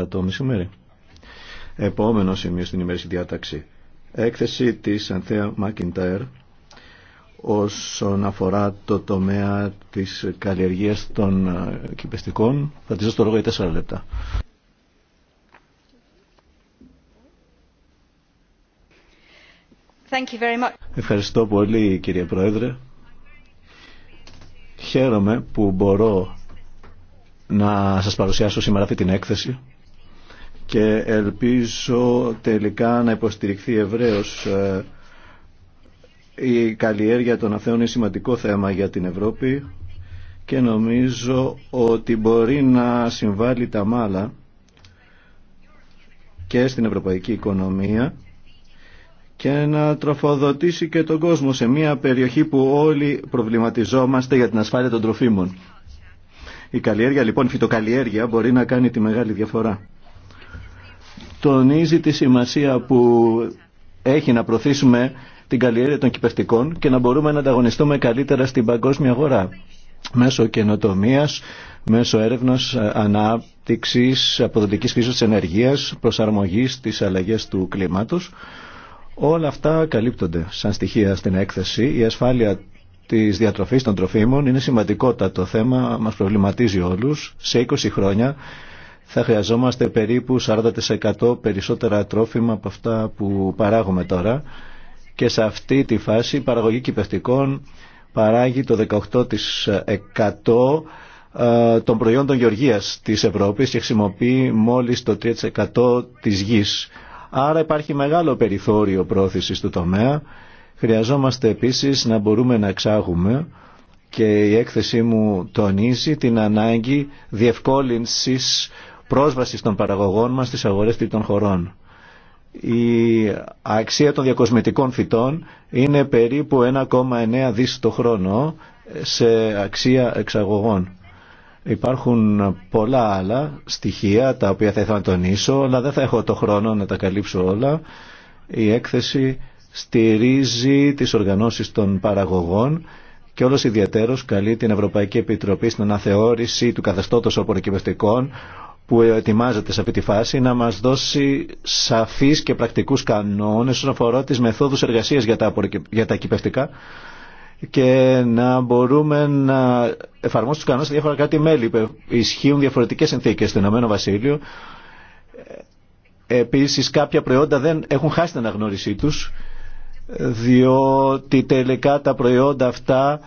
Το το μεσημέρι. Επόμενο σημείο στην ημέρηση διάταξη. Έκθεση της Ανθέα Μάκιντάερ όσον αφορά το τομέα της καλλιεργίας των ε, κυπεστικών. Θα τη δώσω το λόγο για 4 λεπτά. Thank you very much. Ευχαριστώ πολύ κύριε Πρόεδρε. Χαίρομαι που μπορώ να σας παρουσιάσω σήμερα αυτή την έκθεση και ελπίζω τελικά να υποστηριχθεί ευρέως ε, η καλλιέργεια των αθέων είναι σημαντικό θέμα για την Ευρώπη και νομίζω ότι μπορεί να συμβάλλει τα μάλα και στην ευρωπαϊκή οικονομία και να τροφοδοτήσει και τον κόσμο σε μια περιοχή που όλοι προβληματιζόμαστε για την ασφάλεια των τροφίμων. Η καλλιέργεια λοιπόν, η φυτοκαλλιέργεια μπορεί να κάνει τη μεγάλη διαφορά τονίζει τη σημασία που έχει να προωθήσουμε την καλλιέργεια των κυπευτικών και να μπορούμε να ανταγωνιστούμε καλύτερα στην παγκόσμια αγορά μέσω καινοτομία, μέσω έρευνα, ανάπτυξη, αποδοτική φύση τη ενεργεία, προσαρμογή στι αλλαγέ του κλίματο. Όλα αυτά καλύπτονται σαν στοιχεία στην έκθεση. Η ασφάλεια τη διατροφή των τροφίμων είναι σημαντικότατο θέμα, μα προβληματίζει όλου. Σε 20 χρόνια θα χρειαζόμαστε περίπου 40% περισσότερα τρόφιμα από αυτά που παράγουμε τώρα και σε αυτή τη φάση η παραγωγή κυπευτικών παράγει το 18% ε, των προϊόντων γεωργίας της Ευρώπης και χρησιμοποιεί μόλις το 3% της γης. Άρα υπάρχει μεγάλο περιθώριο πρόθεσης του τομέα. Χρειαζόμαστε επίσης να μπορούμε να εξάγουμε και η έκθεσή μου τονίζει την ανάγκη διευκόλυνσης πρόσβασης των παραγωγών μας στις αγορές των χωρών. Η αξία των διακοσμητικών φυτών είναι περίπου 1,9 δις το χρόνο σε αξία εξαγωγών. Υπάρχουν πολλά άλλα στοιχεία τα οποία θα ήθελα να τονίσω, αλλά δεν θα έχω το χρόνο να τα καλύψω όλα. Η έκθεση στηρίζει τις οργανώσεις των παραγωγών και όλος ιδιαίτερος καλεί την Ευρωπαϊκή Επιτροπή στην αναθεώρηση του καθεστώτος οπορικευαστικών που ετοιμάζεται σε αυτή τη φάση να μας δώσει σαφείς και πρακτικούς κανόνες όσον αφορά τις μεθόδους εργασίας για τα, για τα κυπευτικά και να μπορούμε να εφαρμόσουμε τους κανόνες σε διάφορα κράτη-μέλη που ισχύουν διαφορετικές συνθήκες στο Ηνωμένο Βασίλειο. Ε, επίσης κάποια προϊόντα δεν έχουν χάσει την αναγνώρισή τους διότι τελικά τα προϊόντα αυτά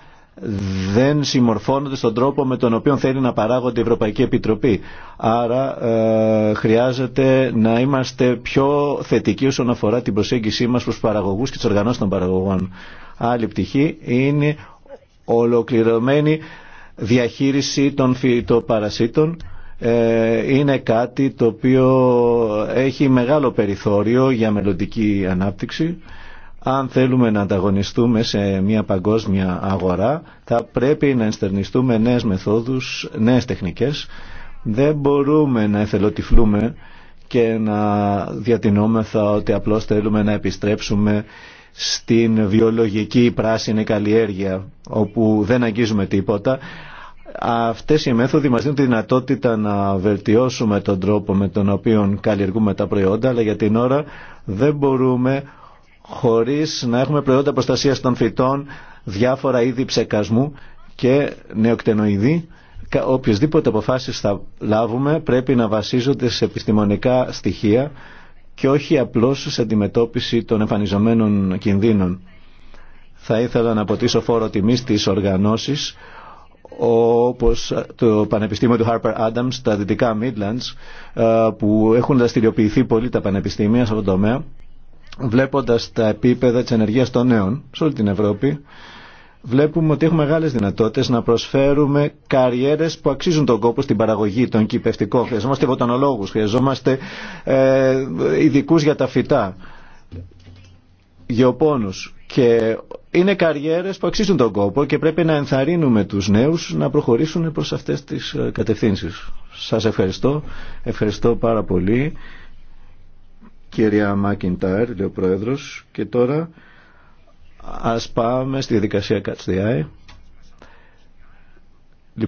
δεν συμμορφώνονται στον τρόπο με τον οποίο θέλει να παράγονται η Ευρωπαϊκή Επιτροπή. Άρα ε, χρειάζεται να είμαστε πιο θετικοί όσον αφορά την προσέγγιση μας προς παραγωγούς και τις οργανώσεις των παραγωγών. Άλλη πτυχή είναι ολοκληρωμένη διαχείριση των φυτοπαρασίτων ε, είναι κάτι το οποίο έχει μεγάλο περιθώριο για μελλοντική ανάπτυξη αν θέλουμε να ανταγωνιστούμε σε μια παγκόσμια αγορά, θα πρέπει να ενστερνιστούμε νέες μεθόδους, νέες τεχνικές. Δεν μπορούμε να εθελοτυφλούμε και να διατηνόμεθα ότι απλώς θέλουμε να επιστρέψουμε στην βιολογική πράσινη καλλιέργεια, όπου δεν αγγίζουμε τίποτα. Αυτές οι μέθοδοι μας δίνουν τη δυνατότητα να βελτιώσουμε τον τρόπο με τον οποίο καλλιεργούμε τα προϊόντα, αλλά για την ώρα δεν μπορούμε χωρίς να έχουμε προϊόντα προστασία των φυτών, διάφορα είδη ψεκασμού και νεοκτενοειδή. οποιουσδήποτε αποφάσεις θα λάβουμε πρέπει να βασίζονται σε επιστημονικά στοιχεία και όχι απλώς σε αντιμετώπιση των εμφανιζομένων κινδύνων. Θα ήθελα να αποτίσω φόρο τιμή στις οργανώσεις όπως το Πανεπιστήμιο του Harper Adams, τα Δυτικά Midlands, ε, που έχουν δραστηριοποιηθεί πολύ τα πανεπιστήμια σε αυτό το τομέα βλέποντας τα επίπεδα της ενεργείας των νέων σε όλη την Ευρώπη, βλέπουμε ότι έχουμε μεγάλες δυνατότητες να προσφέρουμε καριέρες που αξίζουν τον κόπο στην παραγωγή, τον κυπευτικό. Χρειαζόμαστε βοτανολόγους, χρειαζόμαστε ε, ειδικού για τα φυτά, γεωπόνους. Και είναι καριέρες που αξίζουν τον κόπο και πρέπει να ενθαρρύνουμε τους νέους να προχωρήσουν προς αυτές τις κατευθύνσεις. Σας ευχαριστώ. Ευχαριστώ πάρα πολύ κυρία Μάκιντάρ, λέει ο Πρόεδρος, και τώρα ας πάμε στη δικασία Catch